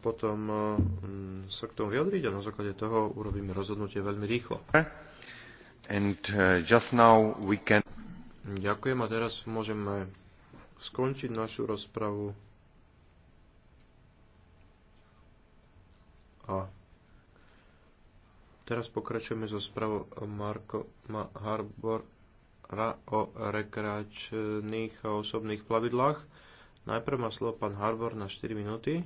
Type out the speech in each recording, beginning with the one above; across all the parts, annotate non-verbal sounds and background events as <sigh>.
potom eh, mm, sa k tomu vyjadriť a na základe toho urobíme rozhodnutie veľmi rýchlo. And, uh, just now we can... Ďakujem a teraz môžeme skončiť našu rozpravu. A teraz pokračujeme so spravou Marko Ma Harbora o rekreačných a osobných plavidlách. Najprv má slovo pán Harbor na 4 minúty.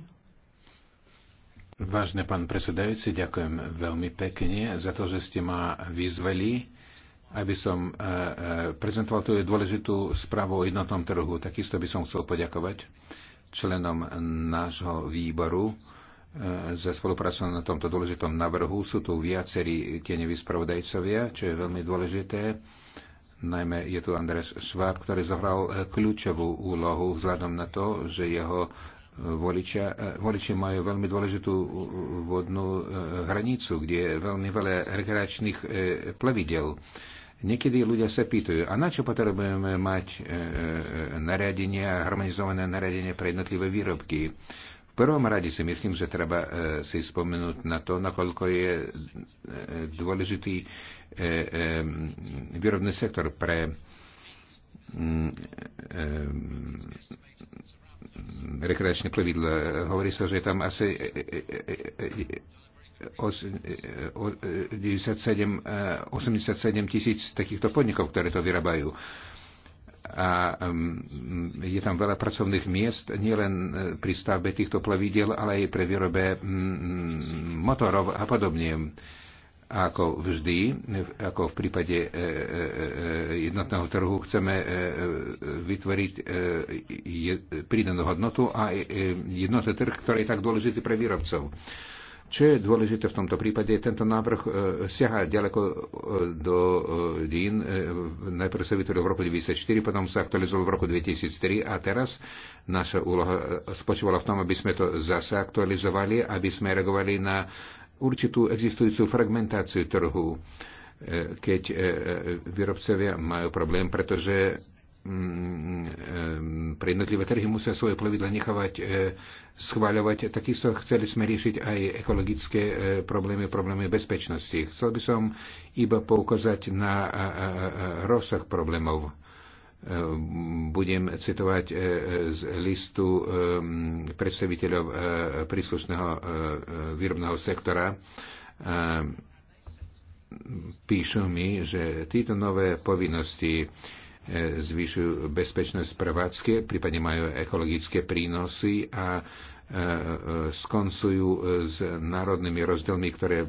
Vážne pán predsedajúci, ďakujem veľmi pekne za to, že ste ma vyzveli, aby som e, e, prezentoval tú dôležitú správu o jednotnom trhu. Takisto by som chcel poďakovať členom nášho výboru e, za spoluprácu na tomto dôležitom navrhu. Sú tu viacerí tieňoví spravodajcovia, čo je veľmi dôležité. Najmä je tu Andres Schwab, ktorý zohral kľúčovú úlohu vzhľadom na to, že jeho Voličia, eh, voliči majú veľmi dôležitú eh, vodnú eh, hranicu, kde je veľmi veľa rekreačných plavidel. Niekedy ľudia sa pýtajú, a na čo potrebujeme mať nariadenie, harmonizované nariadenie pre jednotlivé výrobky? V prvom rade si myslím, že treba si spomenúť na to, nakoľko je dôležitý výrobný sektor pre mm, rekreačné plavidlo. Hovorí sa, že tam asi 87, e, e, e, tisíc takýchto podnikov, ktoré to vyrábajú. A je tam veľa pracovných miest, nielen pri stavbe týchto plavidel, ale aj pre výrobe motorov a podobne ako vždy, ako v prípade jednotného trhu, chceme vytvoriť e, pridanú hodnotu a e, jednotný trh, ktorý je tak dôležitý pre výrobcov. Čo je dôležité v tomto prípade, tento návrh e, siaha ďaleko e, do e, dín. E, najprv sa vytvoril v roku 1994, potom sa aktualizoval v roku 2003 a teraz naša úloha spočívala v tom, aby sme to zase aktualizovali, aby sme reagovali na určitú existujúcu fragmentáciu trhu, e, keď e, e výrobcovia majú problém, pretože Mm, mm, pre jednotlivé trhy musia svoje plavidla nechávať e, schváľovať. Takisto chceli sme riešiť aj ekologické e, problémy, problémy bezpečnosti. Chcel by som iba poukázať na rozsah problémov. E, budem citovať z listu predstaviteľov príslušného výrobného sektora píšu mi, že títo nové povinnosti zvýšujú bezpečnosť prevádzke, prípadne majú ekologické prínosy a e, e, skoncujú s národnými rozdielmi, ktoré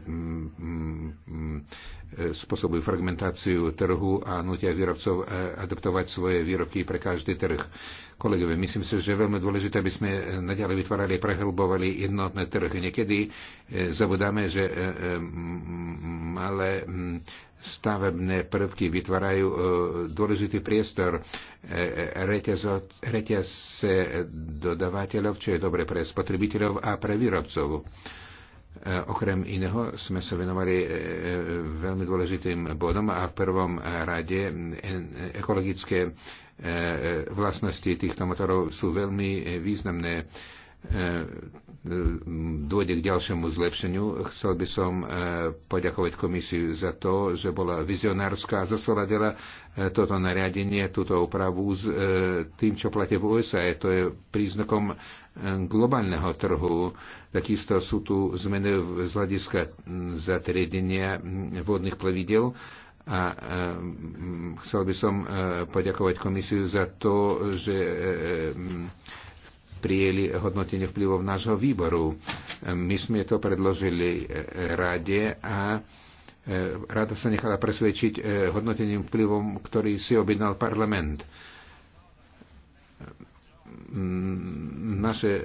spôsobujú fragmentáciu trhu a nutia výrobcov eh, adaptovať svoje výrobky pre každý trh. Kolegovi, myslím si, že je veľmi dôležité, aby sme eh, naďalej vytvárali, prehlbovali jednotné trhy. Niekedy eh, zabudáme, že malé hm, stavebné prvky vytvárajú dôležitý priestor reťaz dodávateľov, čo je dobre pre spotrebiteľov a pre výrobcov E, okrem iného sme sa venovali e, e, veľmi dôležitým bodom a v prvom rade ekologické vlastnosti týchto motorov sú veľmi významné dôjde k ďalšiemu zlepšeniu. Chcel by som poďakovať komisiu za to, že bola vizionárska a zasoladila toto nariadenie, túto úpravu s tým, čo platí v USA. To je príznakom globálneho trhu. Takisto sú tu zmeny z hľadiska zatriedenia vodných plavidel a chcel by som e, poďakovať komisiu za to, že e, e, prijeli hodnotenie vplyvov nášho výboru. My sme to predložili rade a rada sa nechala presvedčiť hodnotením vplyvom, ktorý si objednal parlament Mm, naše e,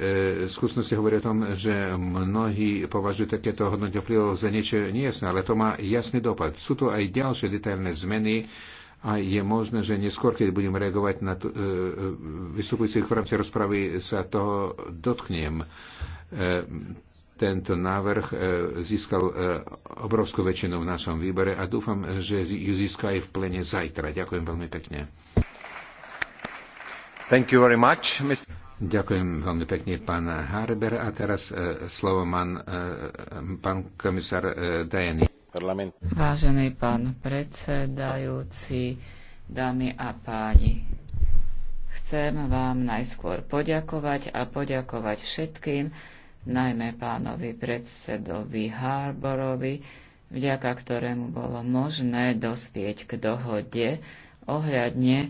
skúsenosti hovoria o tom, že mnohí považujú takéto hodnotie vplyvov za niečo nejasné, ale to má jasný dopad. Sú to aj ďalšie detailné zmeny a je možné, že neskôr, keď budem reagovať na to, e, vystupujúcich v rámci rozpravy, sa toho dotknem. E, tento návrh e, získal e, obrovskú väčšinu v našom výbore a dúfam, že ju získa aj v plene zajtra. Ďakujem veľmi pekne. Much, Ďakujem veľmi pekne, pán Harber. A teraz e, slovo má e, pán komisár e, Dajany. Vážený pán predsedajúci, dámy a páni, chcem vám najskôr poďakovať a poďakovať všetkým, najmä pánovi predsedovi Harborovi, vďaka ktorému bolo možné dospieť k dohode ohľadne e,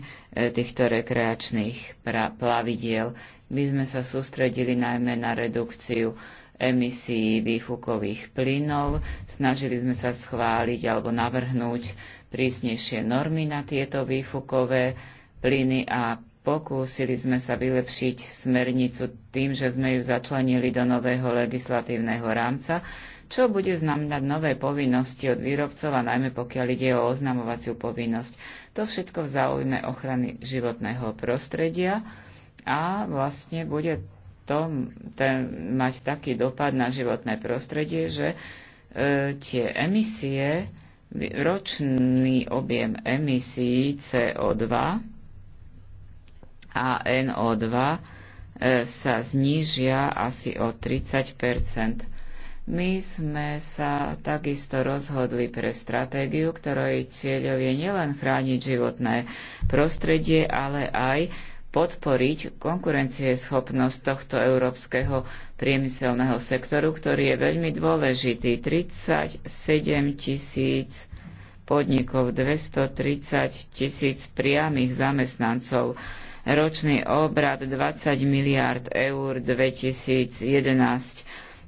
týchto rekreačných plavidiel. My sme sa sústredili najmä na redukciu emisí výfukových plynov. Snažili sme sa schváliť alebo navrhnúť prísnejšie normy na tieto výfukové plyny a Pokúsili sme sa vylepšiť smernicu tým, že sme ju začlenili do nového legislatívneho rámca, čo bude znamenať nové povinnosti od výrobcov a najmä pokiaľ ide o oznamovaciu povinnosť. To všetko v záujme ochrany životného prostredia a vlastne bude to ten, mať taký dopad na životné prostredie, že e, tie emisie, ročný objem emisí CO2 a NO2 e, sa znížia asi o 30 My sme sa takisto rozhodli pre stratégiu, ktorej cieľov je nielen chrániť životné prostredie, ale aj podporiť konkurencieschopnosť tohto európskeho priemyselného sektoru, ktorý je veľmi dôležitý. 37 tisíc podnikov, 230 tisíc priamých zamestnancov ročný obrad 20 miliárd eur 2011.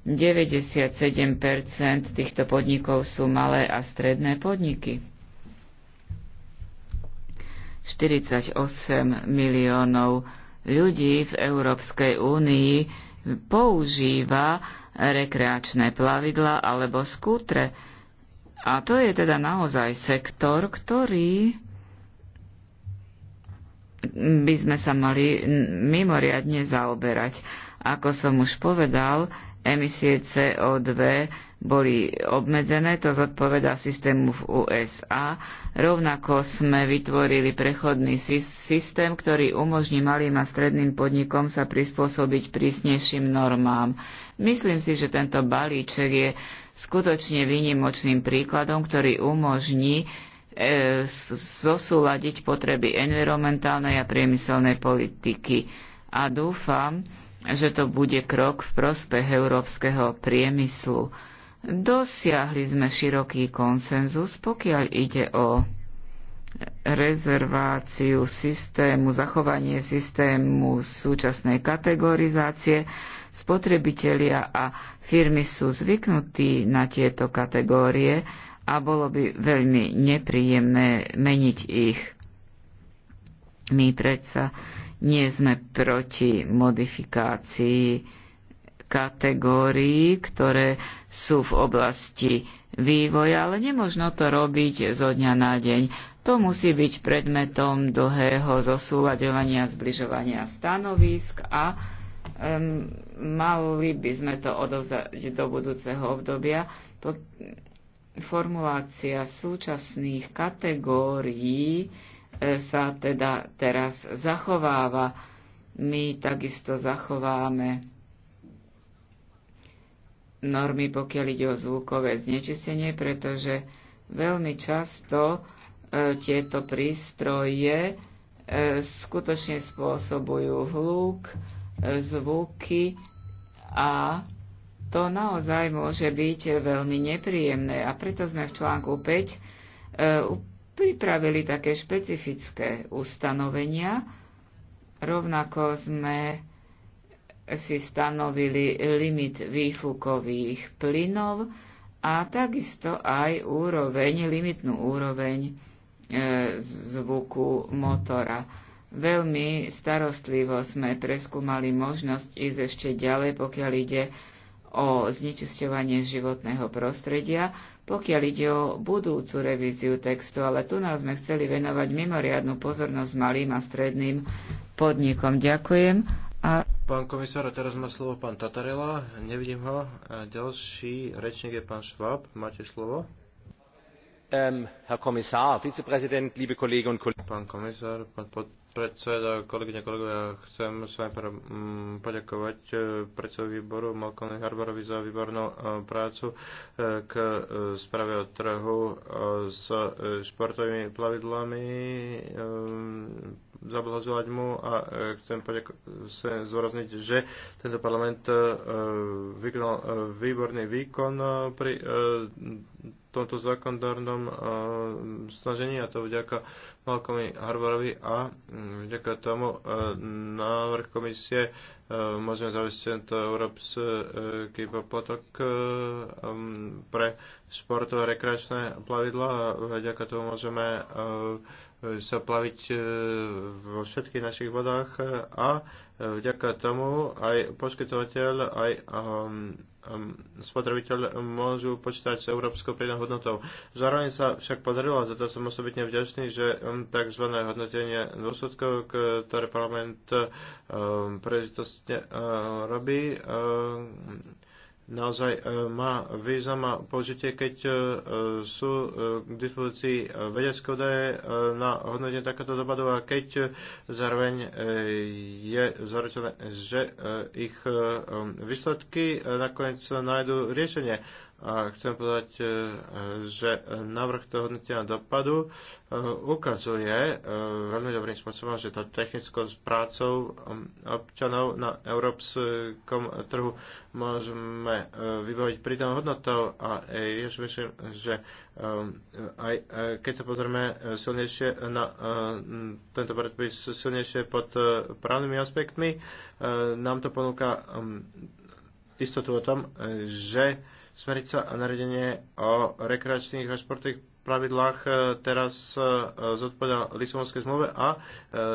97 týchto podnikov sú malé a stredné podniky. 48 miliónov ľudí v Európskej únii používa rekreačné plavidla alebo skútre. A to je teda naozaj sektor, ktorý by sme sa mali mimoriadne zaoberať. Ako som už povedal, emisie CO2 boli obmedzené, to zodpoveda systému v USA. Rovnako sme vytvorili prechodný systém, ktorý umožní malým a stredným podnikom sa prispôsobiť prísnejším normám. Myslím si, že tento balíček je skutočne výnimočným príkladom, ktorý umožní E, zosúľadiť potreby environmentálnej a priemyselnej politiky. A dúfam, že to bude krok v prospech európskeho priemyslu. Dosiahli sme široký konsenzus, pokiaľ ide o rezerváciu systému, zachovanie systému súčasnej kategorizácie. Spotrebitelia a firmy sú zvyknutí na tieto kategórie a bolo by veľmi nepríjemné meniť ich. My predsa nie sme proti modifikácii kategórií, ktoré sú v oblasti vývoja, ale nemožno to robiť zo dňa na deň. To musí byť predmetom dlhého zosúľaďovania, zbližovania stanovisk a um, mali by sme to odovzdať do budúceho obdobia, formulácia súčasných kategórií e, sa teda teraz zachováva. My takisto zachováme normy, pokiaľ ide o zvukové znečistenie, pretože veľmi často e, tieto prístroje e, skutočne spôsobujú hľúk, zvuky a to naozaj môže byť veľmi nepríjemné a preto sme v článku 5 e, pripravili také špecifické ustanovenia. Rovnako sme si stanovili limit výfukových plynov a takisto aj úroveň, limitnú úroveň e, zvuku motora. Veľmi starostlivo sme preskúmali možnosť ísť ešte ďalej, pokiaľ ide o znečisťovanie životného prostredia, pokiaľ ide o budúcu revíziu textu, ale tu nás sme chceli venovať mimoriadnú pozornosť malým a stredným podnikom. Ďakujem. A... Pán komisár, teraz má slovo pán Tatarela, nevidím ho. A ďalší rečník je pán Šváb, máte slovo. Um, herr Kommissar, Vizepräsident, liebe Kolleginnen und Kollegen. Pán komisár, pán pod predseda, kolegyne, kolegovia, chcem s vami mm, poďakovať eh, predsedovi výboru Malcolmovi Harborovi za výbornú eh, prácu eh, k správe o trhu s športovými plavidlami, zablahozovať mu a chcem sa zvorazniť, že tento parlament vykonal výborný výkon pri tomto zákonodárnom snažení a to vďaka Malcolmovi Harborovi a mm, vďaka tomu e, návrh komisie e, môžeme zaviesť tento európsky e, potok pre športové rekreačné plavidla a vďaka tomu môžeme sa plaviť vo všetkých našich vodách a vďaka tomu aj poskytovateľ, aj Ehm, spotrebiteľ môžu počítať s európskou prídom hodnotou. Zároveň sa však podarilo, a za to som osobitne vďačný, že ehm, tzv. hodnotenie dôsledkov, ktoré parlament ehm, prežitostne robí, naozaj e, má význam a použitie, keď e, e, sú k dispozícii vedecké údaje na hodnotenie takéto dopadov a keď zároveň je zaručené, že ich výsledky nakoniec nájdú riešenie. A chcem povedať, e, že návrh toho hodnotenia dopadu e, ukazuje e, veľmi dobrým spôsobom, že to technickou prácou občanov na európskom trhu môžeme vybaviť pridanou hodnotou a ja si myslím, že aj keď sa pozrieme silnejšie na tento predpis silnejšie pod právnymi aspektmi, nám to ponúka istotu o tom, že Smernica a nariadenie o rekreačných a športových pravidlách e, teraz e, zodpovedá Lisabonskej zmluve a e,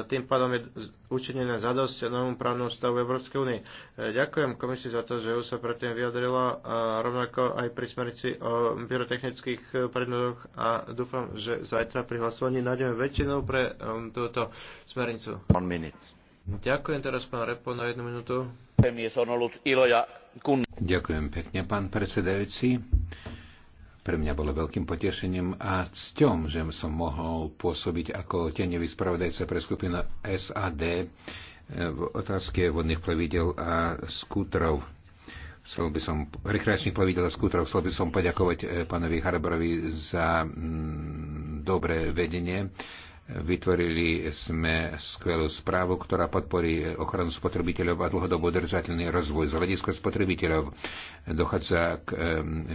tým pádom je učinené zadosť novom právnom stavu Európskej únie. Ďakujem komisii za to, že ju sa predtým vyjadrila rovnako aj pri smernici o pyrotechnických predmetoch a dúfam, že zajtra pri hlasovaní nájdeme väčšinou pre túto smernicu. One minute. Ďakujem teraz pán Repo na jednu minútu. Ďakujem pekne, pán predsedajúci. Pre mňa bolo veľkým potešením a cťom, že som mohol pôsobiť ako tenevý spravodajca pre skupinu SAD eh, v otázke vodných plavidel a skútrov. Chcel by som, rekreačných plavidel a skútrov, chcel by som poďakovať eh, pánovi Harborovi za mm, dobré vedenie Vytvorili sme skvelú správu, ktorá podporí ochranu spotrebiteľov a dlhodobo držateľný rozvoj. Z hľadiska spotrebiteľov dochádza k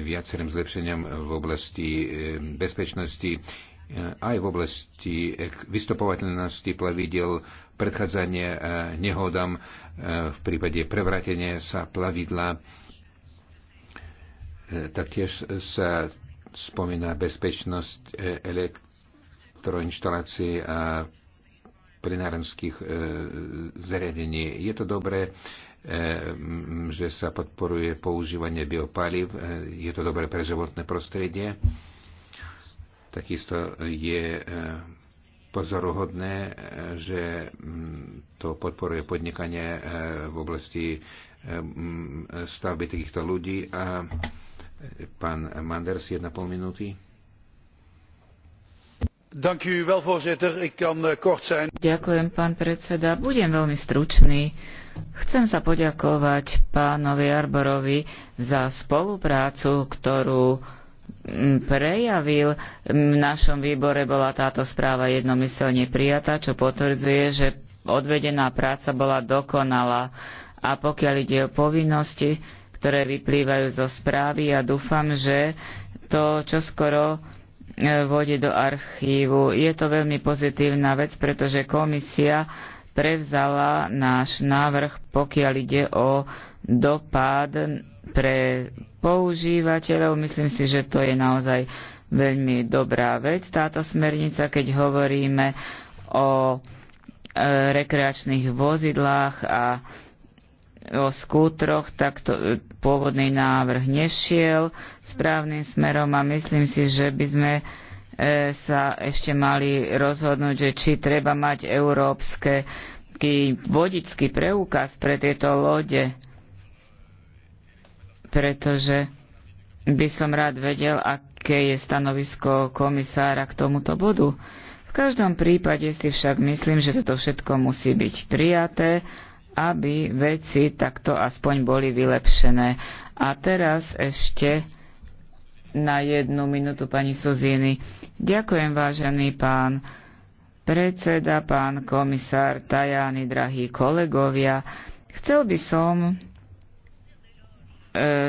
viacerým zlepšeniam v oblasti bezpečnosti eh, aj v oblasti vystupovateľnosti plavidel, predchádzanie eh, nehodám, eh, v prípade prevratenia sa plavidla. Taktiež sa spomína bezpečnosť elekt- elektroinštalácie a e, zariadení. Je to dobré, e, že sa podporuje používanie biopaliv, e, je to dobré pre životné prostredie. Takisto je e, pozoruhodné, že to podporuje podnikanie v oblasti stavby takýchto ľudí. A pán Manders, jedna pol minúty. Eh, Ďakujem, pán predseda. Budem veľmi stručný. Chcem sa poďakovať pánovi Arborovi za spoluprácu, ktorú mm, prejavil. Mm, v našom výbore bola táto správa jednomyselne prijatá, čo potvrdzuje, že odvedená práca bola dokonalá. A pokiaľ ide o povinnosti, ktoré vyplývajú zo správy, ja dúfam, že to čoskoro skoro E, vode do archívu. Je to veľmi pozitívna vec, pretože komisia prevzala náš návrh, pokiaľ ide o dopad pre používateľov. Myslím si, že to je naozaj veľmi dobrá vec, táto smernica, keď hovoríme o e, rekreačných vozidlách a o skútroch, tak to, e, pôvodný návrh nešiel správnym smerom a myslím si, že by sme e, sa ešte mali rozhodnúť, že či treba mať európske vodický preukaz pre tieto lode, pretože by som rád vedel, aké je stanovisko komisára k tomuto bodu. V každom prípade si však myslím, že toto všetko musí byť prijaté aby veci takto aspoň boli vylepšené. A teraz ešte na jednu minútu pani Suziny. Ďakujem, vážený pán predseda, pán komisár Tajány, drahí kolegovia. Chcel by som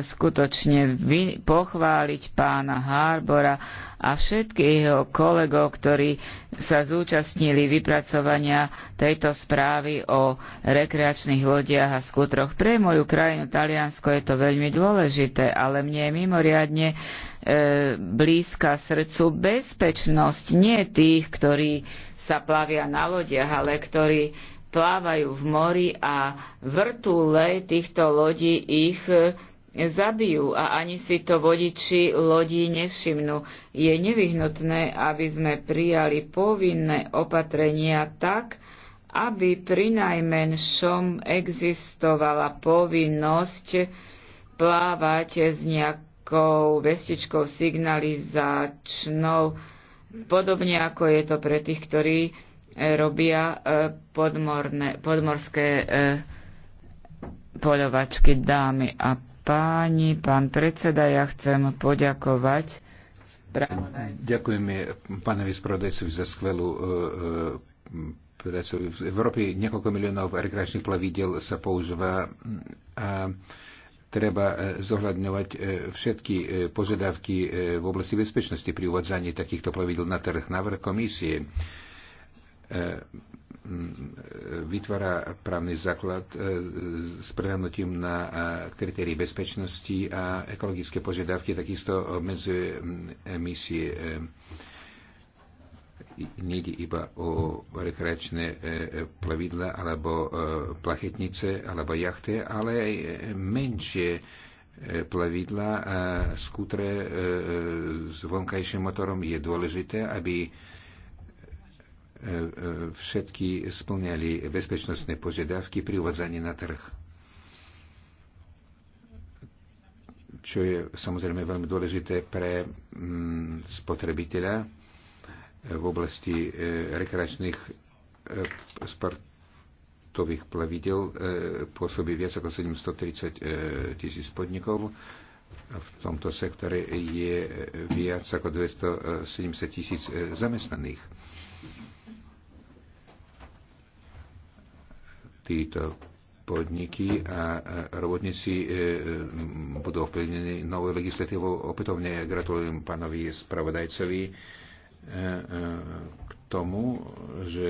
skutočne vy, pochváliť pána Harbora a všetkých jeho kolegov, ktorí sa zúčastnili vypracovania tejto správy o rekreačných lodiach a skutroch. Pre moju krajinu Taliansko je to veľmi dôležité, ale mne je mimoriadne e, blízka srdcu bezpečnosť nie tých, ktorí sa plavia na lodiach, ale ktorí plávajú v mori a vrtule týchto lodí ich e, zabijú a ani si to vodiči lodí nevšimnú. Je nevyhnutné, aby sme prijali povinné opatrenia tak, aby pri najmenšom existovala povinnosť plávať s nejakou vestičkou signalizačnou, podobne ako je to pre tých, ktorí e, robia e, podmorné, podmorské e, poľovačky dámy a páni, pán predseda, ja chcem poďakovať spravodajcovi. Ďakujeme pánovi spravodajcovi za skvelú e, e prácu. V Európe niekoľko miliónov rekreačných plavidel sa používa a treba e, zohľadňovať e, všetky požiadavky v oblasti bezpečnosti pri uvádzaní takýchto plavidel na trh. Návrh komisie Mm, vytvára právny základ e, s prehľadnutím na e, kritérii bezpečnosti a ekologické požiadavky, takisto obmedzuje emisie. E, nejde iba o rekreačné plavidla alebo plachetnice alebo jachty, ale aj menšie plavidla a skútre s vonkajším motorom je dôležité, aby všetky splňali bezpečnostné požiadavky pri uvádzaní na trh. Čo je samozrejme veľmi dôležité pre mm, spotrebiteľa e, v oblasti e, rekreačných sportových e, plavidel pôsobí viac ako 730 tisíc podnikov v tomto sektore je viac ako 270 tisíc zamestnaných. Títo podniky a robotníci e, e, budú ovplyvnení novou legislatívou. Opätovne gratulujem pánovi spravodajcovi e, k tomu, že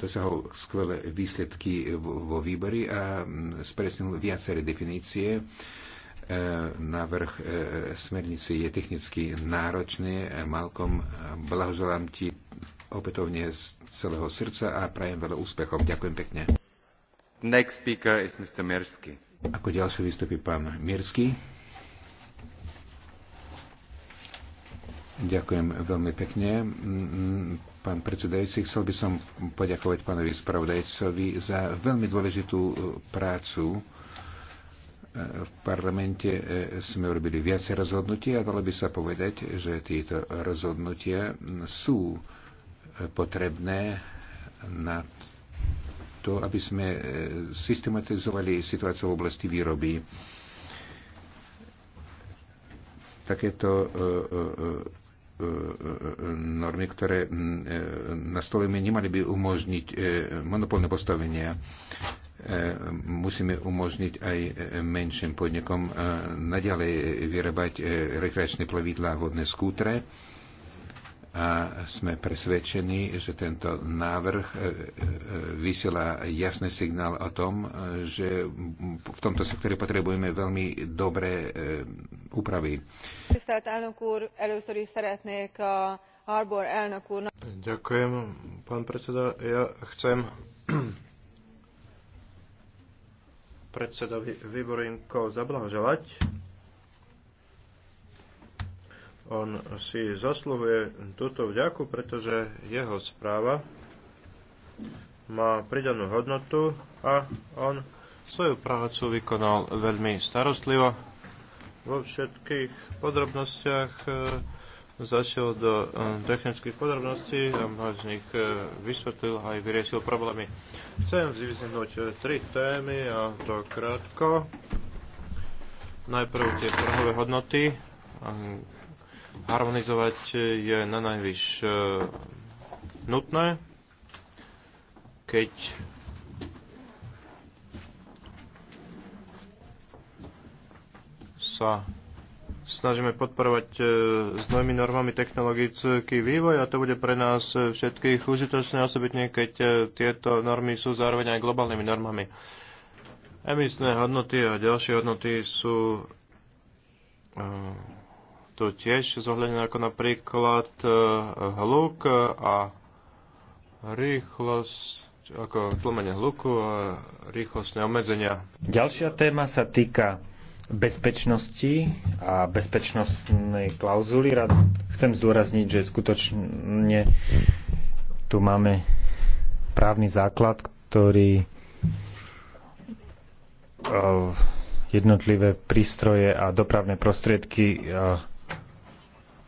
dosahol skvelé výsledky vo výbori a spresnil viaceré definície. Návrh smernice je technicky náročný. Malkom, blahoželám ti opätovne z celého srdca a prajem veľa úspechov. Ďakujem pekne. Next speaker is Mr. Mirsky. Ako ďalší vystupí pán Mirsky. Ďakujem veľmi pekne. Pán predsedajúci, chcel by som poďakovať pánovi spravodajcovi za veľmi dôležitú e, prácu. E, v parlamente e, sme urobili viacej rozhodnutí a dalo by sa povedať, že tieto rozhodnutia sú potrebné na to, aby sme e, systematizovali situáciu v oblasti výroby. Takéto e, e, normy, ktoré my nemali by umožniť monopolné postavenia. Musíme umožniť aj menším podnikom naďalej vyrábať rekreačné plavidlá a vodné skútre a sme presvedčení, že tento návrh e, e, e, vysiela jasný signál o tom, že v tomto sektore potrebujeme veľmi dobré úpravy. Ďakujem, pán predseda. Ja chcem <clears throat> predsedovi Vyborinko zablahoželať on si zasluhuje túto vďaku, pretože jeho správa má pridanú hodnotu a on svoju prácu vykonal veľmi starostlivo. Vo všetkých podrobnostiach e, zašiel do e, technických podrobností a mnoho z nich e, vysvetlil a aj vyriešil problémy. Chcem vyzvihnúť tri témy a to krátko. Najprv tie prahové hodnoty, harmonizovať je na najvyš e, nutné, keď sa snažíme podporovať e, s novými normami technologický vývoj a to bude pre nás všetkých užitočné, osobitne keď e, tieto normy sú zároveň aj globálnymi normami. Emisné hodnoty a ďalšie hodnoty sú tu tiež zohľadené ako napríklad e, hluk a rýchlosť ako tlmenie hluku a rýchlosť neobmedzenia. Ďalšia téma sa týka bezpečnosti a bezpečnostnej klauzuly. Rád chcem zdôrazniť, že skutočne tu máme právny základ, ktorý e, jednotlivé prístroje a dopravné prostriedky e,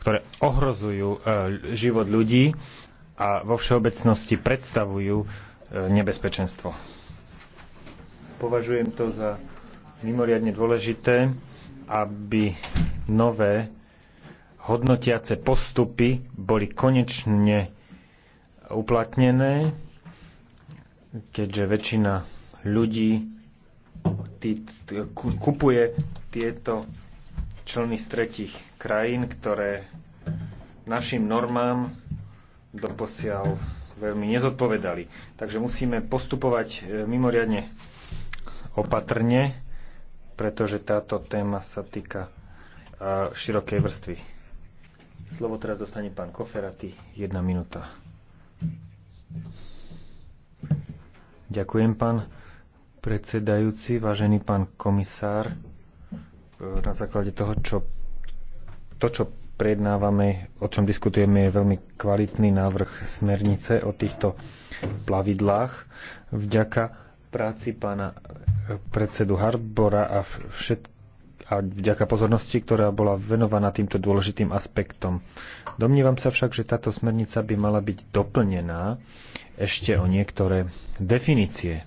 ktoré ohrozujú e, život ľudí a vo všeobecnosti predstavujú e, nebezpečenstvo. Považujem to za mimoriadne dôležité, aby nové hodnotiace postupy boli konečne uplatnené, keďže väčšina ľudí kupuje tieto členy z tretich krajín, ktoré našim normám doposiaľ veľmi nezodpovedali. Takže musíme postupovať e, mimoriadne opatrne, pretože táto téma sa týka e, širokej vrstvy. Slovo teraz dostane pán Koferaty, jedna minúta. Ďakujem, pán predsedajúci, vážený pán komisár. E, na základe toho, čo, to, čo prednávame, o čom diskutujeme, je veľmi kvalitný návrh smernice o týchto plavidlách. Vďaka práci pána e, predsedu Harbora a, všet, a vďaka pozornosti, ktorá bola venovaná týmto dôležitým aspektom. Domnívam sa však, že táto smernica by mala byť doplnená ešte o niektoré definície.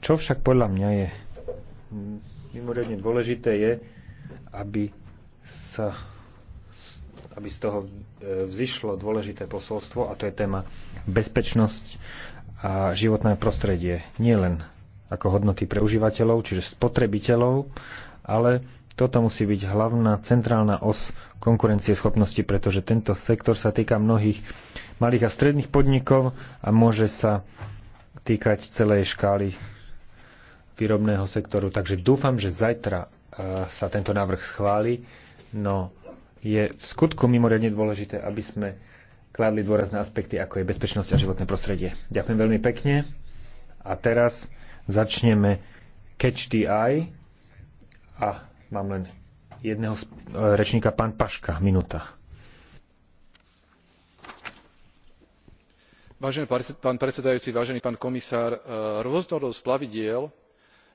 Čo však podľa mňa je mimoriadne dôležité je, aby sa aby z toho e, vzýšlo dôležité posolstvo a to je téma bezpečnosť a životné prostredie. Nie len ako hodnoty pre užívateľov, čiže spotrebiteľov, ale toto musí byť hlavná centrálna os konkurencie schopnosti, pretože tento sektor sa týka mnohých malých a stredných podnikov a môže sa týkať celej škály výrobného sektoru. Takže dúfam, že zajtra e, sa tento návrh schváli, no je v skutku mimoriadne dôležité, aby sme kladli dôraz na aspekty, ako je bezpečnosť a životné prostredie. Ďakujem veľmi pekne. A teraz začneme Catch the Eye. A mám len jedného e, rečníka, pán Paška, minúta. vážený pán predsedajúci vážený pán komisár e, rôznorodosť plavidiel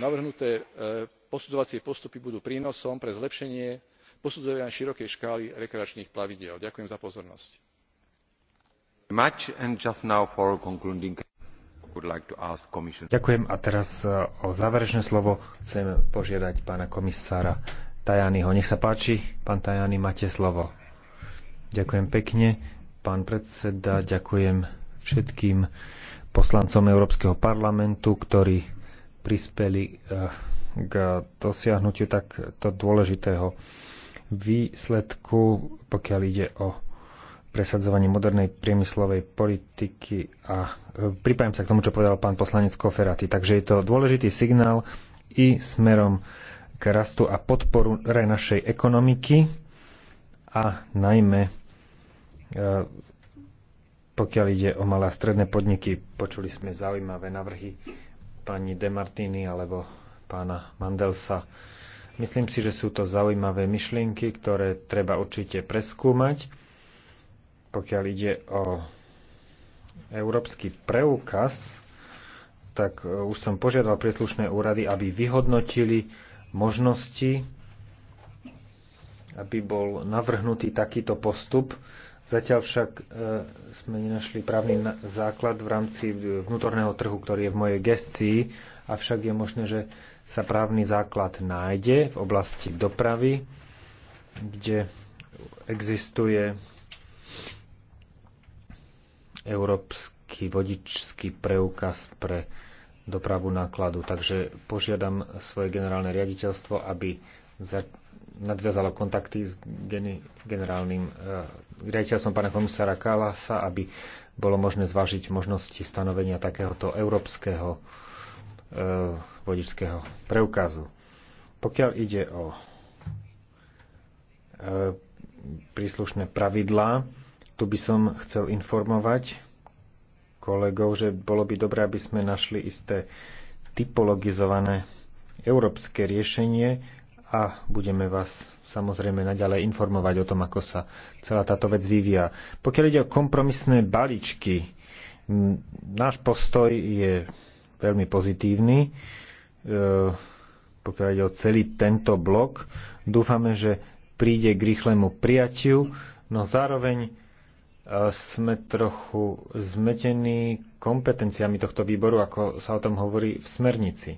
navrhnuté e, posudzovacie postupy budú prínosom pre zlepšenie posudzovania širokej škály rekreačných plavidiel. ďakujem za pozornosť. Ďakujem a teraz e, o záverečné slovo chcem požiadať pána komisára Tajányho. Nech sa páči, pán Tajani máte slovo. Ďakujem pekne, pán predseda, ďakujem všetkým poslancom Európskeho parlamentu, ktorí prispeli eh, k dosiahnutiu takto dôležitého výsledku, pokiaľ ide o presadzovanie modernej priemyslovej politiky a eh, pripájam sa k tomu, čo povedal pán poslanec Koferaty. Takže je to dôležitý signál i smerom k rastu a podporu našej ekonomiky a najmä eh, pokiaľ ide o malé a stredné podniky, počuli sme zaujímavé navrhy pani Demartini alebo pána Mandelsa. Myslím si, že sú to zaujímavé myšlienky, ktoré treba určite preskúmať. Pokiaľ ide o európsky preukaz, tak e, už som požiadal príslušné úrady, aby vyhodnotili možnosti, aby bol navrhnutý takýto postup, Zatiaľ však e, sme nenašli právny základ v rámci vnútorného trhu, ktorý je v mojej gestii, avšak je možné, že sa právny základ nájde v oblasti dopravy, kde existuje európsky vodičský preukaz pre dopravu nákladu. Takže požiadam svoje generálne riaditeľstvo, aby nadviazalo kontakty s generálnym e, riaditeľstvom pána komisára Kalasa, aby bolo možné zvážiť možnosti stanovenia takéhoto európskeho e, vodičského preukazu. Pokiaľ ide o e, príslušné pravidlá, tu by som chcel informovať kolegov, že bolo by dobré, aby sme našli isté typologizované európske riešenie, a budeme vás samozrejme naďalej informovať o tom, ako sa celá táto vec vyvíja. Pokiaľ ide o kompromisné balíčky, náš postoj je veľmi pozitívny. E, pokiaľ ide o celý tento blok, dúfame, že príde k rýchlemu prijatiu, no zároveň e, sme trochu zmetení kompetenciami tohto výboru, ako sa o tom hovorí v smernici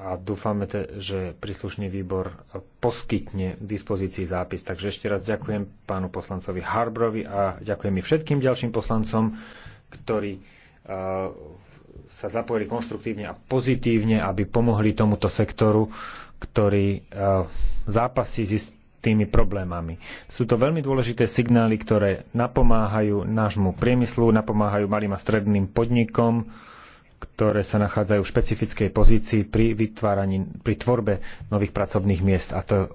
a dúfame, že príslušný výbor poskytne k dispozícii zápis. Takže ešte raz ďakujem pánu poslancovi Harbrovi a ďakujem i všetkým ďalším poslancom, ktorí e, sa zapojili konstruktívne a pozitívne, aby pomohli tomuto sektoru, ktorý e, zápasí s tými problémami. Sú to veľmi dôležité signály, ktoré napomáhajú nášmu priemyslu, napomáhajú malým a stredným podnikom, ktoré sa nachádzajú v špecifickej pozícii pri vytváraní, pri tvorbe nových pracovných miest a to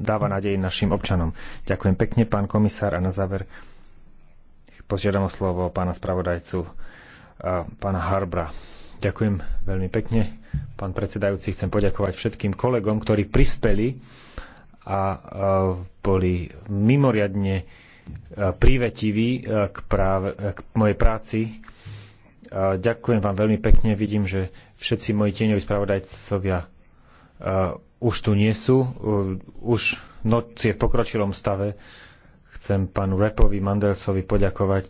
dáva nádej našim občanom. Ďakujem pekne, pán komisár, a na záver požiadam o slovo pána spravodajcu, pána Harbra. Ďakujem veľmi pekne. Pán predsedajúci, chcem poďakovať všetkým kolegom, ktorí prispeli a boli mimoriadne prívetiví k, práve, k mojej práci Ďakujem vám veľmi pekne. Vidím, že všetci moji tieňoví spravodajcovia už tu nie sú. Už noc je v pokročilom stave. Chcem pánu Repovi, Mandelsovi poďakovať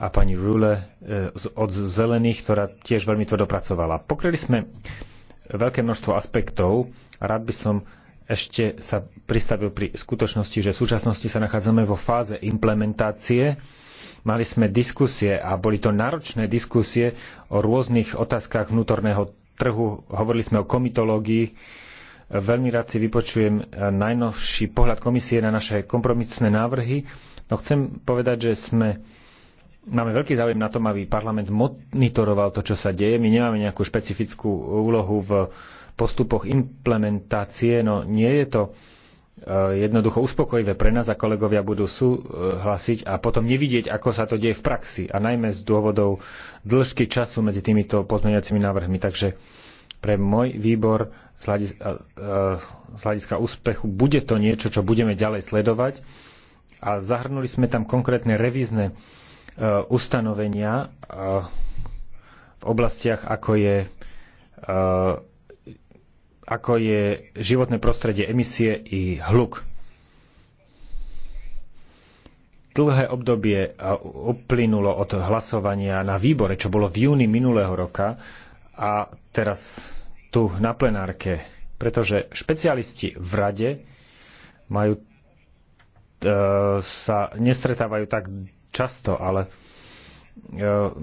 a pani Rule e, od Zelených, ktorá tiež veľmi to dopracovala. Pokryli sme veľké množstvo aspektov. Rád by som ešte sa pristavil pri skutočnosti, že v súčasnosti sa nachádzame vo fáze implementácie Mali sme diskusie a boli to náročné diskusie o rôznych otázkach vnútorného trhu. Hovorili sme o komitológii. Veľmi rád si vypočujem eh, najnovší pohľad komisie na naše kompromisné návrhy. No chcem povedať, že sme máme veľký záujem na tom, aby parlament monitoroval to, čo sa deje. My nemáme nejakú špecifickú úlohu v postupoch implementácie, no nie je to E, jednoducho uspokojivé pre nás a kolegovia budú súhlasiť e, a potom nevidieť, ako sa to deje v praxi a najmä z dôvodov dĺžky času medzi týmito pozmeňujúcimi návrhmi. Takže pre môj výbor z hľadiska, e, z hľadiska úspechu bude to niečo, čo budeme ďalej sledovať a zahrnuli sme tam konkrétne revízne ustanovenia v oblastiach, ako je ako je životné prostredie, emisie i hluk. Dlhé obdobie uplynulo od hlasovania na výbore, čo bolo v júni minulého roka a teraz tu na plenárke, pretože špecialisti v rade majú, e, sa nestretávajú tak často, ale e,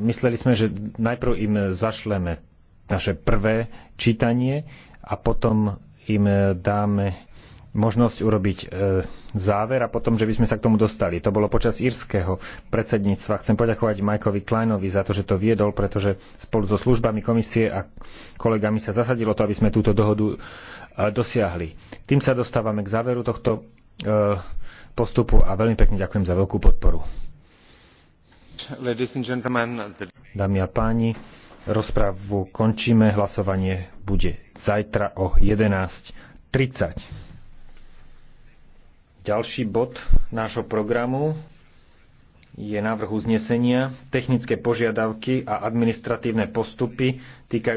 mysleli sme, že najprv im zašleme naše prvé čítanie a potom im e, dáme možnosť urobiť e, záver a potom, že by sme sa k tomu dostali. To bolo počas írskeho predsedníctva. Chcem poďakovať Majkovi Kleinovi za to, že to viedol, pretože spolu so službami komisie a kolegami sa zasadilo to, aby sme túto dohodu e, dosiahli. Tým sa dostávame k záveru tohto postupu a veľmi pekne ďakujem za veľkú podporu. Dámy a páni, Rozpravu končíme. Hlasovanie bude zajtra o 11.30. Ďalší bod nášho programu je návrh uznesenia technické požiadavky a administratívne postupy týkajúce